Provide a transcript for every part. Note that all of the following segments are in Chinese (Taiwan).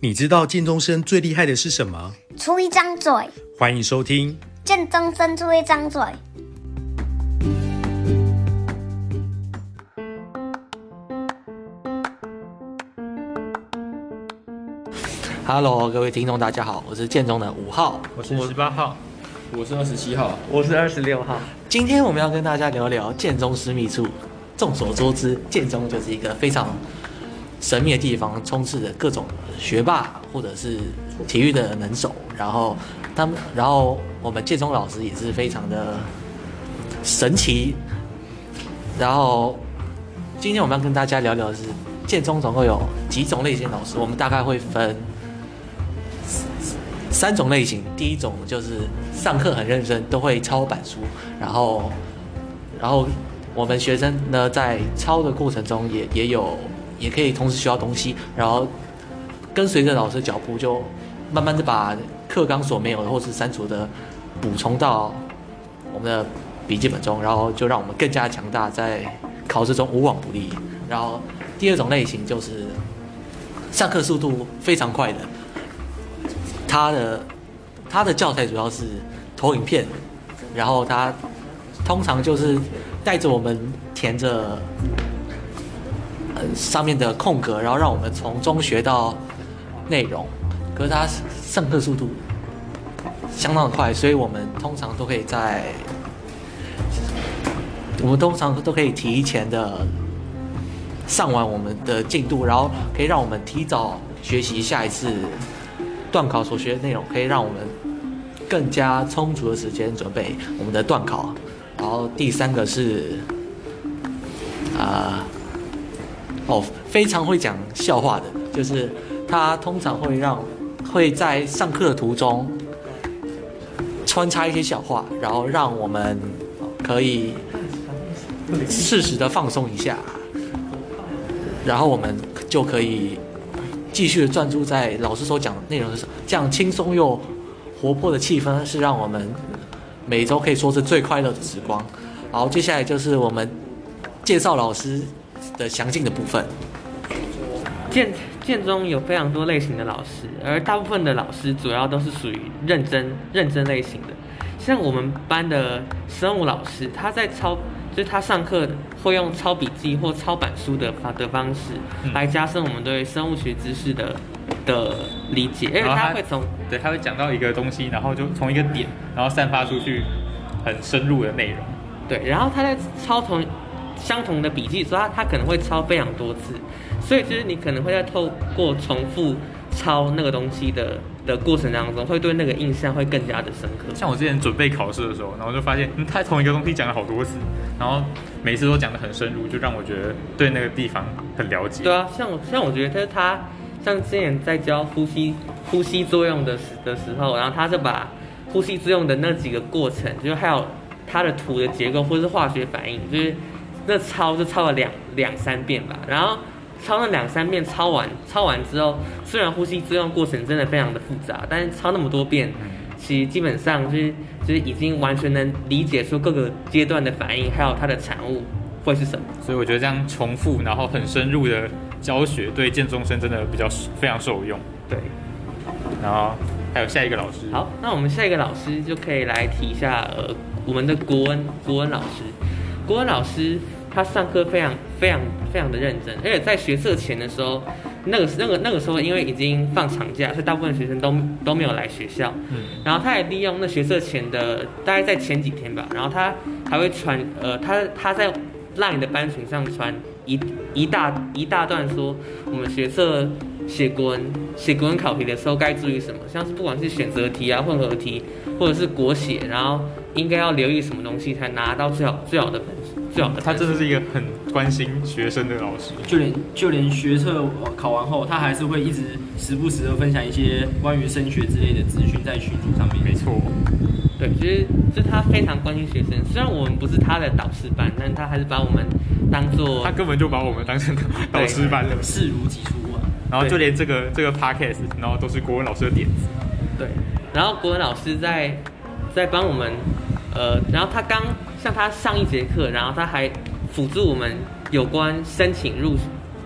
你知道建中生最厲害的是什麼？出一張嘴。歡迎收聽建中生出一張嘴。Hello，各位聽眾，大家好，我是建中的五號，我是十八號，我是二十七號，我是二十六號。今天我們要跟大家聊聊建中私密處。眾所周知，建中就是一個非常神秘的地方，充斥着各種學霸或者是體育的能手。然後他們，然後我們建中老師也是非常的神奇。然後今天我們要跟大家聊聊的是建中總共有幾種類型的老師，我們大概會分三種類型。第一種就是上課很認真，都會抄板書。然後，然後我們學生呢，在抄的過程中也也有。也可以同時學到東西，然後跟隨着老師的腳步，就慢慢的把課綱所沒有的或是刪除的補充到我們的筆記本中，然後就讓我們更加強大，在考試中無往不利。然後第二種類型就是上課速度非常快的，他的他的教材主要是投影片，然後他通常就是帶着我們填着上面的空格，然後讓我們從中學到內容。可是他上課速度相當的快，所以我們通常都可以在我們通常都可以提前的上完我們的進度，然後可以讓我們提早學習下一次段考所學的內容，可以讓我們更加充足的時間準備我們的段考。然後第三個是啊。呃哦、oh，非常會講笑話的，就是他通常會讓，會在上課的途中穿插一些笑話，然後讓我們可以適時的放鬆一下，然後我們就可以繼續的專注在老師所講的內容的時候。這樣輕鬆又活潑的氣氛，是讓我們每周可以說是最快樂的時光。好，接下來就是我們介紹老師。的詳盡的部分，建建中有非常多類型的老師，而大部分的老師主要都是屬於認真認真類型的，像我們班的生物老師，他在抄，就是他上課會用抄筆記或抄板書的方的方式，來加深我們對生物學知識的的理解，嗯，因為他會從，對，他會講到一個東西，然後就從一個點，然後散發出去很深入的內容，對，然後他在抄同。相同的筆記，所以他他可能會抄非常多次，所以就是你可能會在透過重複抄那個東西的的過程當中，會對那個印象會更加的深刻。像我之前準備考試的時候，然後就發現，嗯，他同一個東西講了好多次，然後每次都講得很深入，就讓我覺得對那個地方很了解。對啊，像我像我覺得他他像之前在教呼吸呼吸作用的時的時候，然後他就把呼吸作用的那幾個過程，就是、還有它的圖的結構或者是化學反應，就是。那抄就抄了兩兩三遍吧，然後抄了兩三遍，抄完抄完之後，雖然呼吸作用過程真的非常的複雜，但是抄那麼多遍，其實基本上就是就是已經完全能理解出各個階段的反應，還有它的產物會是什麼。所以我覺得這樣重複，然後很深入的教學，對建中生真的比較非常受用。對，然後還有下一個老師。好，那我們下一個老師就可以來提一下呃我們的國文國文老師，國文老師。他上課非常非常非常的認真，而且在學測前的時候，那個那個那個時候，因為已經放長假，所以大部分的學生都都沒有來學校。嗯，然後他也利用那學測前的，大概在前幾天吧，然後他還會傳，呃，他他在 LINE 的班群上傳一一大一大段說，我們學測寫國文寫國文考題的時候該注意什麼，像是不管是選擇題啊、混合題，或者是國寫，然後應該要留意什麼東西才拿到最好最好的最、嗯、好、嗯，他真的是一個很關心學生的老師，就連就連學測考完後，他還是會一直時不時的分享一些關於升學之類的資訊在群組上面。沒錯，對，其實就是就他非常關心學生，雖然我們不是他的導師班，但他還是把我們當做他根本就把我們當成導師班了視如己出嘛。然後就連這個這個 Podcast，然後都是國文老師的點子。對，然後國文老師在在幫我們。呃，然後他剛像他上一節課，然後他還輔助我們有關申請入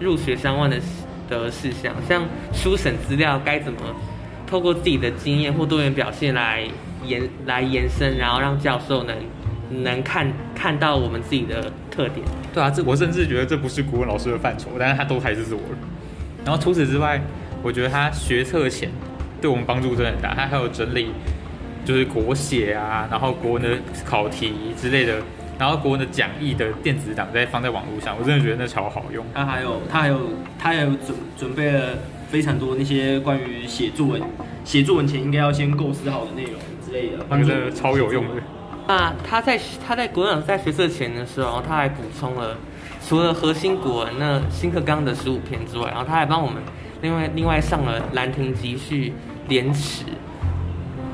入學相關的事的事項，像書審資料該怎麼透過自己的經驗或多元表現來延來延伸，然後讓教授能能看看到我們自己的特點。對啊，這我甚至覺得這不是國文老師的範疇，但是他都還是是我。然後除此之外，我覺得他學測前對我們幫助真的很大，他還有整理。就是國寫啊，然後國文的考題之類的，然後國文的講義的電子檔再放在網絡上，我真的覺得那超好用。他還有他還有他還有準準備了非常多那些關於寫作文、寫作文前應該要先構思好的內容之類的，我覺得超有用的。嗯嗯、那他在他在國文在學社前的時候，他還補充了除了核心國文那新課綱的十五篇之外，然後他還幫我們另外另外上了《蘭亭集序》《廉恥》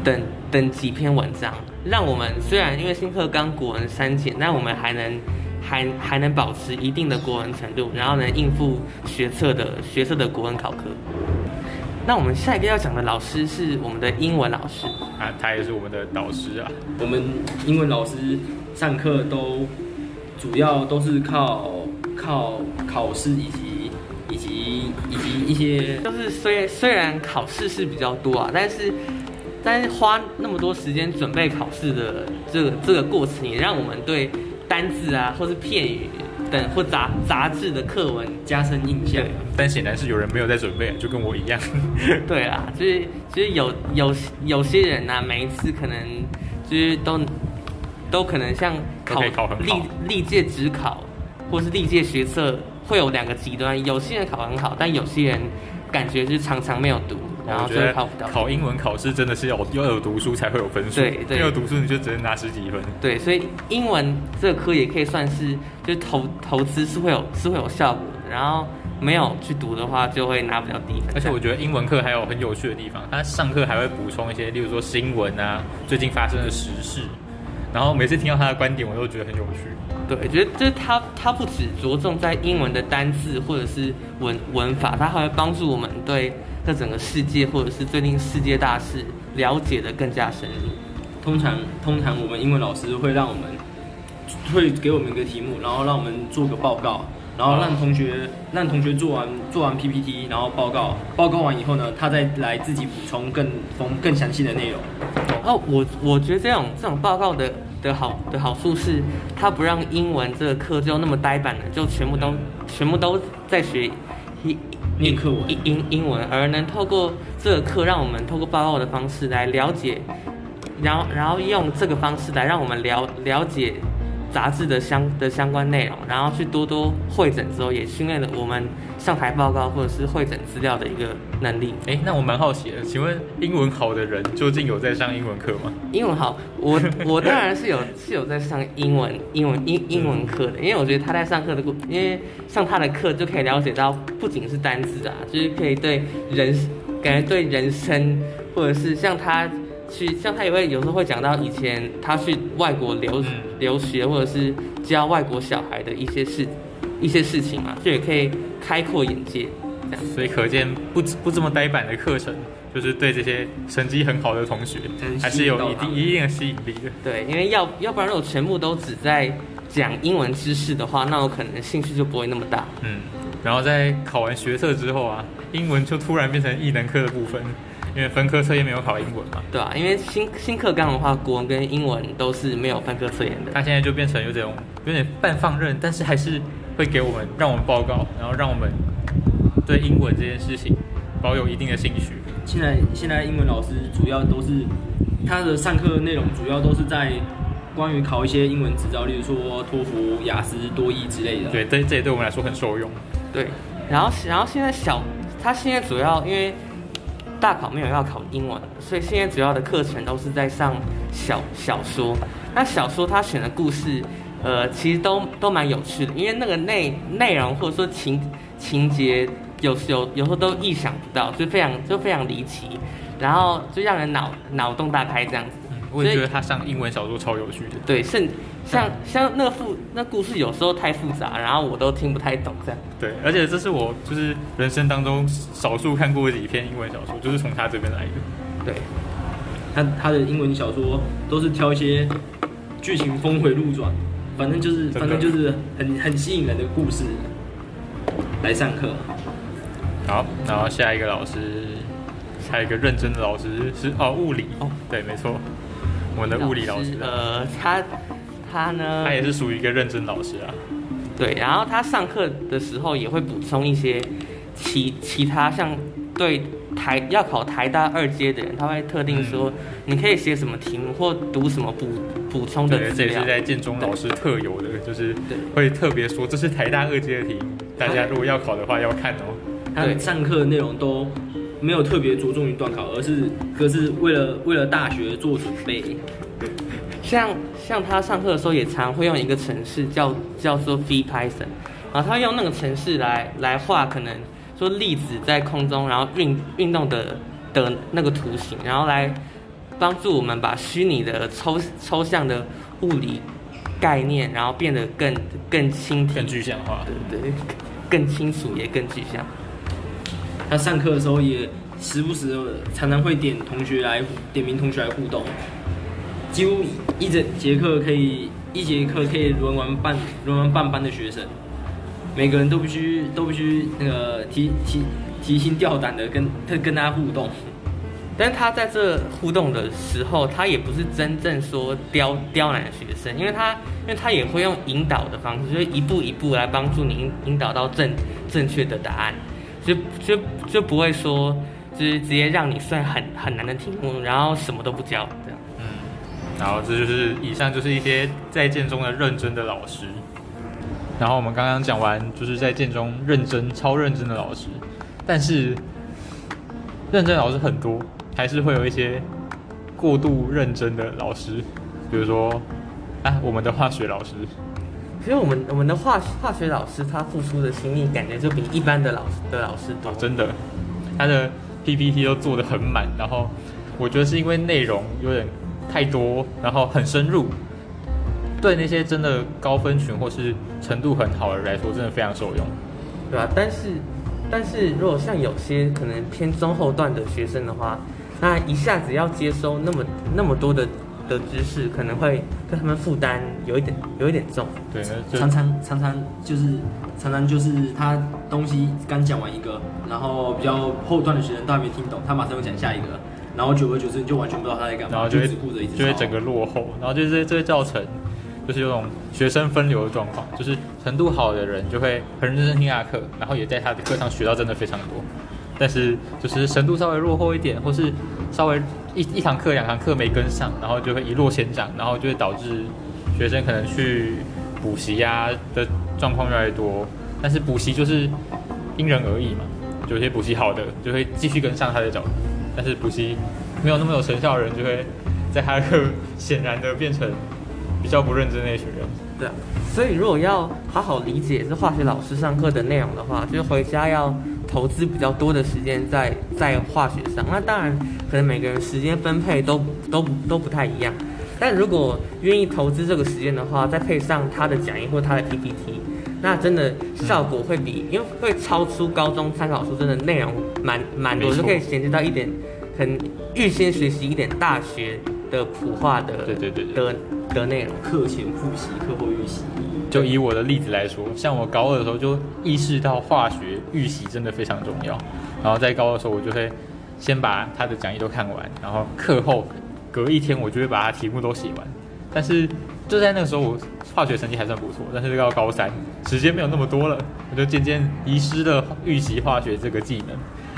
等。等幾篇文章，讓我們雖然因為新課綱國文刪減，但我們還能還還能保持一定的國文程度，然後能應付學測的學測的國文考科。那我們下一個要講的老師是我們的英文老師啊，他也是我們的導師啊。我們英文老師上課都主要都是靠靠考試以及以及以及一些，就是雖雖然考試是比較多啊，但是。但花那麼多時間準備考試的這個、這個過程，也讓我們對單字啊，或是片語等或雜雜誌的課文加深印象。嗯、但顯然是有人沒有在準備、啊，就跟我一樣。 對啊，就是其實、就是、有有有，有些人啊，每一次可能就是都都可能像考, okay, 考歷歷屆指考，或是歷屆學測會有兩個極端，有些人考很好，但有些人感覺就是常常沒有讀。然後，覺得考英文考試真的是要要有讀書才會有分數，沒有讀書你就只能拿十幾分。對，所以英文這科也可以算是就投投資是會有是會有效果的。然後沒有去讀的話，就會拿不了低分。而且我覺得英文課還有很有趣的地方，他上課還會補充一些，例如說新聞啊，最近發生的時事。然後每次聽到他的觀點，我都覺得很有趣。對，我覺得就是他他不只着重在英文的單字或者是文文法，他還會幫助我們對。在整個世界，或者是最近世界大事了解得更加深入。通常，通常我們英文老師會讓我們，會給我們一個題目，然後讓我們做個報告，然後讓同學、嗯、讓同學做完做完 PPT，然後報告報告完以後呢，他再來自己補充更豐更詳細的內容。哦，我我覺得這樣這種報告的的好的好處是，他不讓英文這個課就那麼呆板了，就全部都、嗯、全部都在學一。念課文，英英文，而能透過這個課，讓我們透過報告的方式來了解，然後然後用這個方式來讓我們了了解。雜誌的相的相關內容，然後去多多彙整之後，也訓練了我們上台報告或者是彙整資料的一個能力。哎、欸，那我蠻好奇的，請問英文好的人究竟有在上英文課嗎？英文好，我我當然是有 是有在上英文英文英英文課的，因為我覺得他在上課的過，因為上他的課就可以了解到，不僅是單字啊，就是可以對人感覺對人生或者是像他。去像他也會有時候會講到以前他去外國留、嗯、留學或者是教外國小孩的一些事一些事情嘛，就也可以開闊眼界。所以可見不不這麼呆板的課程，就是對這些成績很好的同學、嗯、還是有一定一定的吸引力的。對，因為要要不然我全部都只在講英文知識的話，那我可能興趣就不會那麼大。嗯，然後在考完學測之後啊，英文就突然變成異能課的部分。因為分科測驗沒有考英文嘛？對啊，因為新新課綱的話，國文跟英文都是沒有分科測驗的。他現在就變成有點有點半放任，但是還是會給我們讓我們報告，然後讓我們對英文這件事情保有一定的興趣。現在現在英文老師主要都是他的上課的內容主要都是在關於考一些英文執照，例如說托福、雅思、多益之類的。對，這這也對我們來說很受用。對，然後然後現在小他現在主要因為。大考沒有要考英文，所以現在主要的課程都是在上小小說。那小說他選的故事，呃，其實都都蠻有趣的，因為那個內內容，或者說情情節有有有時候都意想不到，就非常就非常離奇，然後就讓人腦腦洞大開這樣子。我也覺得他上英文小說超有趣的。對，甚像像那個複那故事有時候太複雜，然後我都聽不太懂這樣。對，而且這是我就是人生當中少數看過的一篇英文小說，就是從他這邊來的。對，他他的英文小說都是挑一些劇情峰回路轉，反正就是反正就是很很吸引人的故事來上課。好，然後下一個老師，下一個認真的老師是哦物理哦，對，沒錯。我們的物理老師啊，老師，呃，他，他呢，他也是屬於一個認真老師啊。對，然後他上課的時候也會補充一些其其他，像對台要考台大二階的人，他會特定說你可以寫什麼題目或讀什麼補補充的。我覺得這也是在建中老師特有的，就是會特別說這是台大二階的題，大家如果要考的話要看喔。對，上課的內容都。沒有特別着重於段考，而是，可是為了為了大學做準備。對，像像他上課的時候也常會用一個程式叫叫做 VPython，然後他用那個程式來來畫可能說粒子在空中然後運運動的的那個圖形，然後來幫助我們把虛擬的抽抽象的物理概念，然後變得更更清更具象化，對對，更清楚也更具象。他上課的時候也時不時、常常會點同學來點名，同學來互動，幾乎一整節課可以一節課可以輪完半輪完半班的學生，每個人都必須都必須那個提提提心吊膽的跟，跟他跟大家互動，但是他在這互動的時候，他也不是真正說刁刁難學生，因為他因為他也會用引導的方式，就是一步一步來幫助你引，引導到正正確的答案。就就就不會說，就是直接讓你算很很難的題目，然後什麼都不教這樣。嗯，然後這就是以上就是一些在建中的認真的老師。然後我們剛剛講完就是在建中認真超認真的老師，但是認真老師很多，還是會有一些過度認真的老師，比如說啊，我們的化學老師。因為我們我們的化學化學老師他付出的心力，感覺就比一般的老師的老師多。哦，真的，他的 PPT 都做得很滿。然後我覺得是因為內容有點太多，然後很深入，對那些真的高分群或是程度很好的人來說，真的非常受用，對吧，啊？但是但是如果像有些可能偏中後段的學生的話，那一下子要接收那麼那麼多的。的知識可能會跟他們負擔有一點，有一點重。對，常常常常就是常常就是他東西剛講完一個，然後比較後段的學生都還沒聽懂，他馬上又講下一個，然後久而久之你就完全不知道他在幹嘛，然後就，就只顧着一直，就會整個落後。然後就是這個教程，就是有種學生分流的狀況，就是程度好的人就會很認真聽下課，然後也在他的課堂學到真的非常多。但是就是程度稍微落後一點，或是稍微一一堂課、兩堂課沒跟上，然後就會一落千丈，然後就會導致學生可能去補習呀、啊、的狀況越來越多。但是補習就是因人而異嘛，有些補習好的就會繼續跟上他的腳步，但是補習沒有那麼有成效的人就會在他的課顯然的變成比較不認真的一群人。對啊，所以如果要好好理解這化學老師上課的內容的話，就是回家要，投資比較多的時間在在化學上，那當然可能每個人時間分配都都都不太一樣。但如果願意投資這個時間的話，再配上他的講義或他的 PPT，那真的效果會比、嗯、因為會超出高中參考書，真的內容蠻蠻多的，就可以銜接到一點，很預先學習一點大學的普化的、嗯、對對對，對的的內容，課前複習，課後預習。就以我的例子來說，像我高二的時候就意識到化學預習真的非常重要，然後在高二的時候我就會先把他的講義都看完，然後課後隔一天我就會把他題目都寫完。但是就在那個時候，我化學成績還算不錯，但是到高三時間沒有那麼多了，我就漸漸遺失了預習化學這個技能，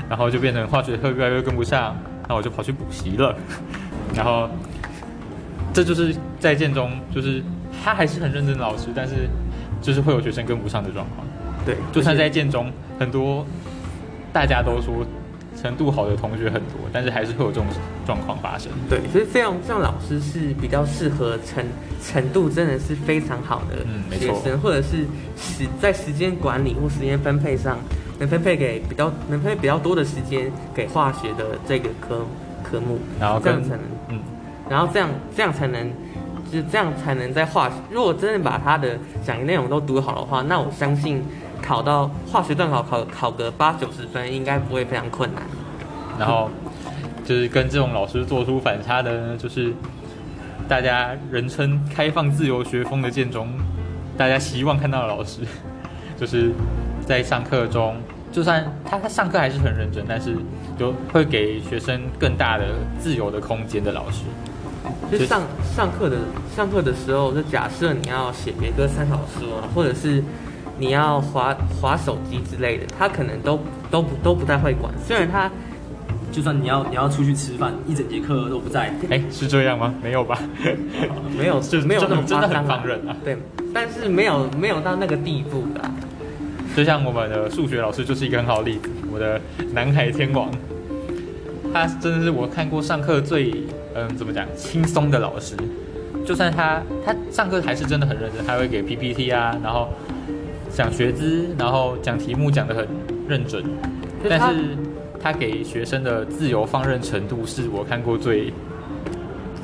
然後就變成化學課越來越跟不上，那我就跑去補習了。然後這就是在建中就是。他還是很認真的老師，但是就是會有學生跟不上的狀況。對，就算在建中，很多大家都說程度好的同學很多，但是還是會有這種狀況發生。對，所以這樣這樣老師是比較適合成程度真的是非常好的學生，嗯、或者是時在時間管理或時間分配上能分配給比較能分配比較多的時間給化學的這個科科目，然後這樣才能嗯，然後這樣這樣才能。是這樣才能在化，如果真的把他的講的內容都讀好的話，那我相信考到化學段考考考個八九十分，應該不會非常困難。然後，就是跟這種老師做出反差的呢，就是大家人稱開放自由學風的建中，大家希望看到的老師，就是在上課中，就算他他上課還是很認真，但是就會給學生更大的自由的空間的老師。就上、就是、上課的上課的時候，就假設你要寫別的參考書，或者是你要滑滑手機之類的，他可能都都不都不太會管。雖然他就算你要你要出去吃飯，一整節課都不在。哎、欸，是這樣嗎？沒有吧？啊、沒有， 就沒有那麼發狠放任啊。對，但是沒有沒有到那個地步的。就像我們的數學老師就是一個很好的例子，我的南海天王，他真的是我看過上課最。嗯，怎麼講？輕鬆的老師，就算他他上課還是真的很認真，他會給 PPT 啊，然後講學資，然後講題目講得很認準，就是、但是他給學生的自由放任程度是我看過最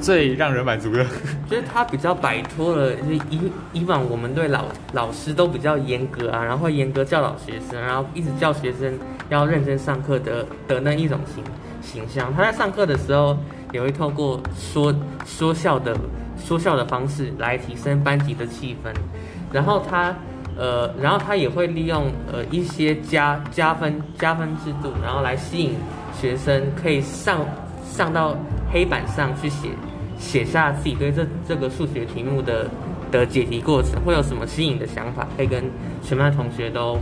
最讓人滿足的。就是他比較擺脫了、就是、以以往我們對老老師都比較嚴格啊，然後會嚴格教導學生，然後一直教學生要認真上課的的那一種形形象。他在上課的時候。也會透過說說笑的說笑的方式來提升班級的氣氛，然後他呃，然後他也會利用呃一些加加分加分制度，然後來吸引學生可以上上到黑板上去寫寫下自己對這這個數學題目的的解題過程，會有什麼新穎的想法，可以跟全班同學都。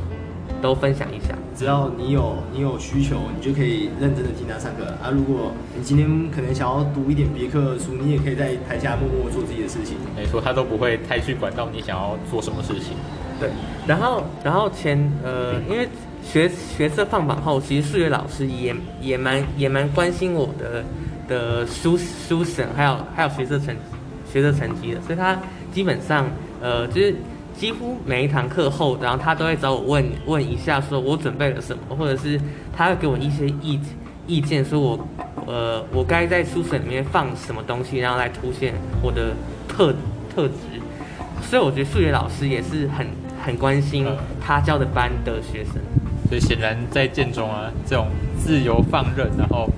都分享一下，只要你有你有需求，你就可以認真的聽他上課啊。如果你今天可能想要讀一點別科的書，你也可以在台下默默做自己的事情。沒、欸、錯，他都不會太去管到你想要做什麼事情。對，然後然後前呃，因為學學測放榜後，其實數學老師也也蠻也蠻關心我的的書書審還有還有學測成學測成績的，所以他基本上呃就是。幾乎每一堂課後，然後他都會找我問問一下，說我準備了什麼，或者是他會給我一些意意見，說我，呃，我該在備審裡面放什麼東西，然後來凸顯我的特特質。所以我覺得數學老師也是很很關心他教的班的學生。呃，所以顯然在建中啊，這種自由放任，然後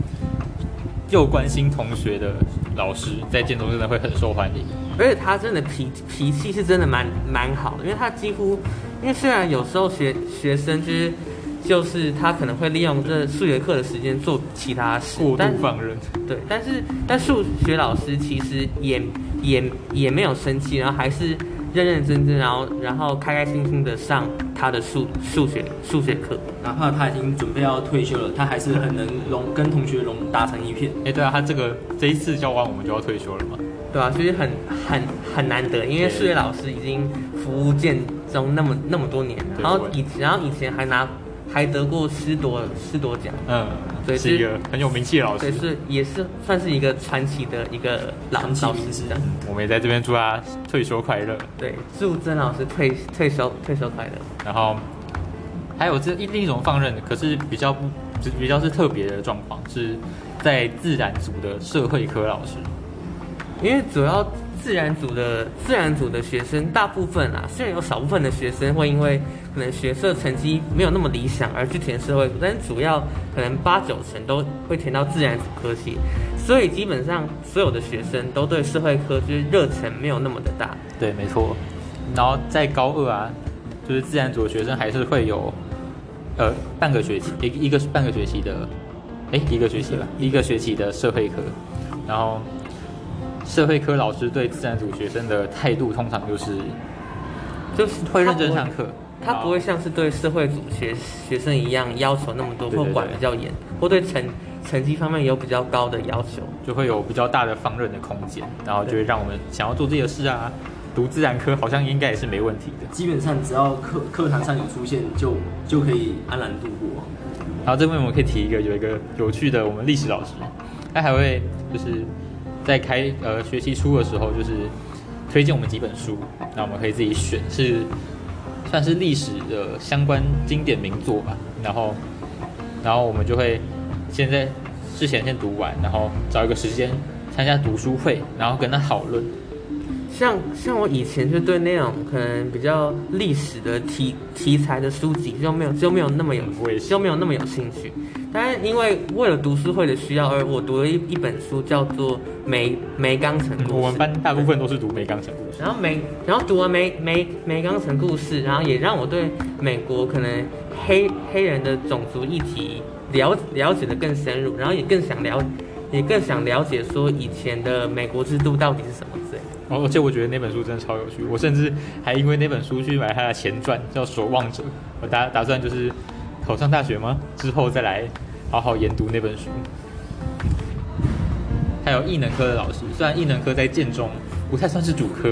又關心同學的老師，在建中真的會很受歡迎。而且他真的脾氣脾氣是真的蠻蠻好的，因為他幾乎，因為雖然有時候學學生就是就是他可能會利用這數學課的時間做其他事，過度放任，對，但是但數學老師其實也也也沒有生氣，然後還是認認真真，然後然後開開心心的上他的數數學數學課，哪怕他已經準備要退休了，他還是很能融 跟同學融打成一片。哎、欸，對啊，他這個這一次教完我們就要退休了嘛。對吧、啊，所以很很很難得，因為數學老師已經服務建中那麼那麼多年了，然後以然後以前還拿還得過師鐸師鐸獎，嗯，對，是一個很有名氣的老師，對，是也是算是一個傳奇的一個老老師。我們也在這邊祝他、啊、退休快樂。對，祝曾老師退退休退休快樂。然後還有這另一,一種放任，可是比較不比較是特別的狀況，是在自然組的社會科老師。因為主要自然組的自然組的學生大部分啊，雖然有少部分的學生會因為可能學測成績沒有那麼理想而去填社會組，但主要可能八九成都會填到自然組科系，所以基本上所有的學生都對社會科就是熱忱，沒有那麼的大。對，沒錯。然後在高二啊，就是自然組的學生還是會有呃半個學期一一個半個學期的，哎一個學期吧，一個學期的社會課，然後。社會科老師對自然組學生的態度通常就是，就是會認真上課，他，他不會像是對社會組學學生一樣要求那麼多，或管得比較嚴，或對成成績方面有比較高的要求，就會有比較大的放任的空間，然後就會讓我們想要做這些事啊，讀自然科好像應該也是沒問題的。基本上只要課課堂上有出現就就可以安然度過。然後這邊我們可以提一個有一個有趣的，我們歷史老師，他還會就是。在開呃學期初的時候，就是推薦我們幾本書，那我們可以自己選是，是算是歷史的相關經典名作吧。然後，然後我們就會先在之前先讀完，然後找一個時間參加讀書會，然後跟他討論。像像我以前就對那種可能比較歷史的題題材的書籍就沒有就沒有那麼有，就沒有那麼有,有,那麼有興趣。但因為為了讀書會的需要而我讀了一一本書叫做《梅梅岡城故事》嗯。我們班大部分都是讀《梅岡城故事》。然後梅，然後讀完梅《梅梅梅岡城故事》，然後也讓我對美國可能黑黑人的種族議題了了解得更深入，然後也更想了，也更想了解說以前的美國制度到底是什麼之類。而且我覺得那本書真的超有趣，我甚至還因為那本書去買它的前傳叫《守望者》，我打打算就是考上大學嗎之後再來。好好研讀那本書，還有藝能科的老師。雖然藝能科在建中不太算是主科，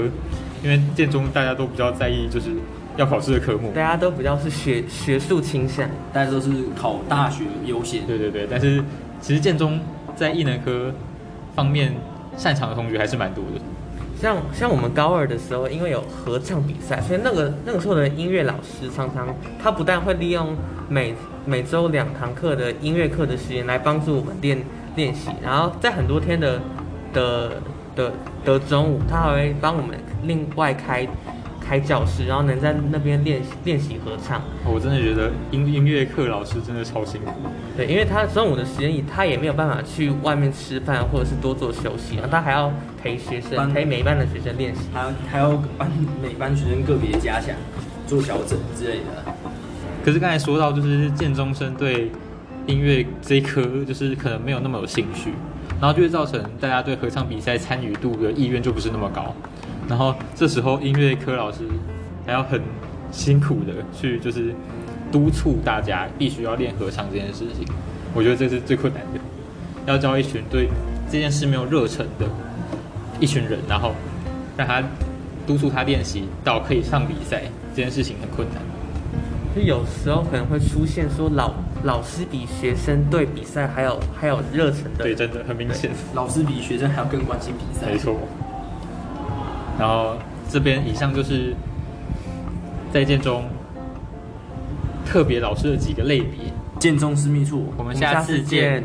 因為建中大家都比較在意就是要考試的科目，大家都比較是學學術傾向，大家都是考大學優先，嗯。對對對，但是其實建中在藝能科方面擅長的同學還是蠻多的。像像我們高二的時候，因為有合唱比賽，所以那個那個時候的音樂老師常常他不但會利用每每周兩堂課的音樂課的時間來幫助我們練練習，然後在很多天的的的的中午，他還會幫我們另外開。開教室，然後能在那邊練習練習合唱。我真的覺得音音樂課老師真的超辛苦。對，因為他中午的時間，他也沒有辦法去外面吃飯，或者是多做休息，然後他還要陪學生，陪每一班的學生練習，還還要，還要幫每班學生個別加強，做調整之類的。可是剛才說到，就是建中生對音樂這一科，就是可能沒有那麼有興趣，然後就會造成大家對合唱比賽參與度的意願就不是那麼高。然後這時候音樂科老師還要很辛苦的去就是督促大家必須要練合唱這件事情，我覺得這是最困難的，要教一群對這件事沒有熱忱的一群人，然後讓他督促他練習到可以上比賽這件事情很困難。就有時候可能會出現說老老師比學生對比賽還有還有熱忱的，對，真的很明顯，老師比學生還要更關心比賽，沒錯。然後這邊以上就是在建中特別老師的幾個類別，建中私密處，我們下次見。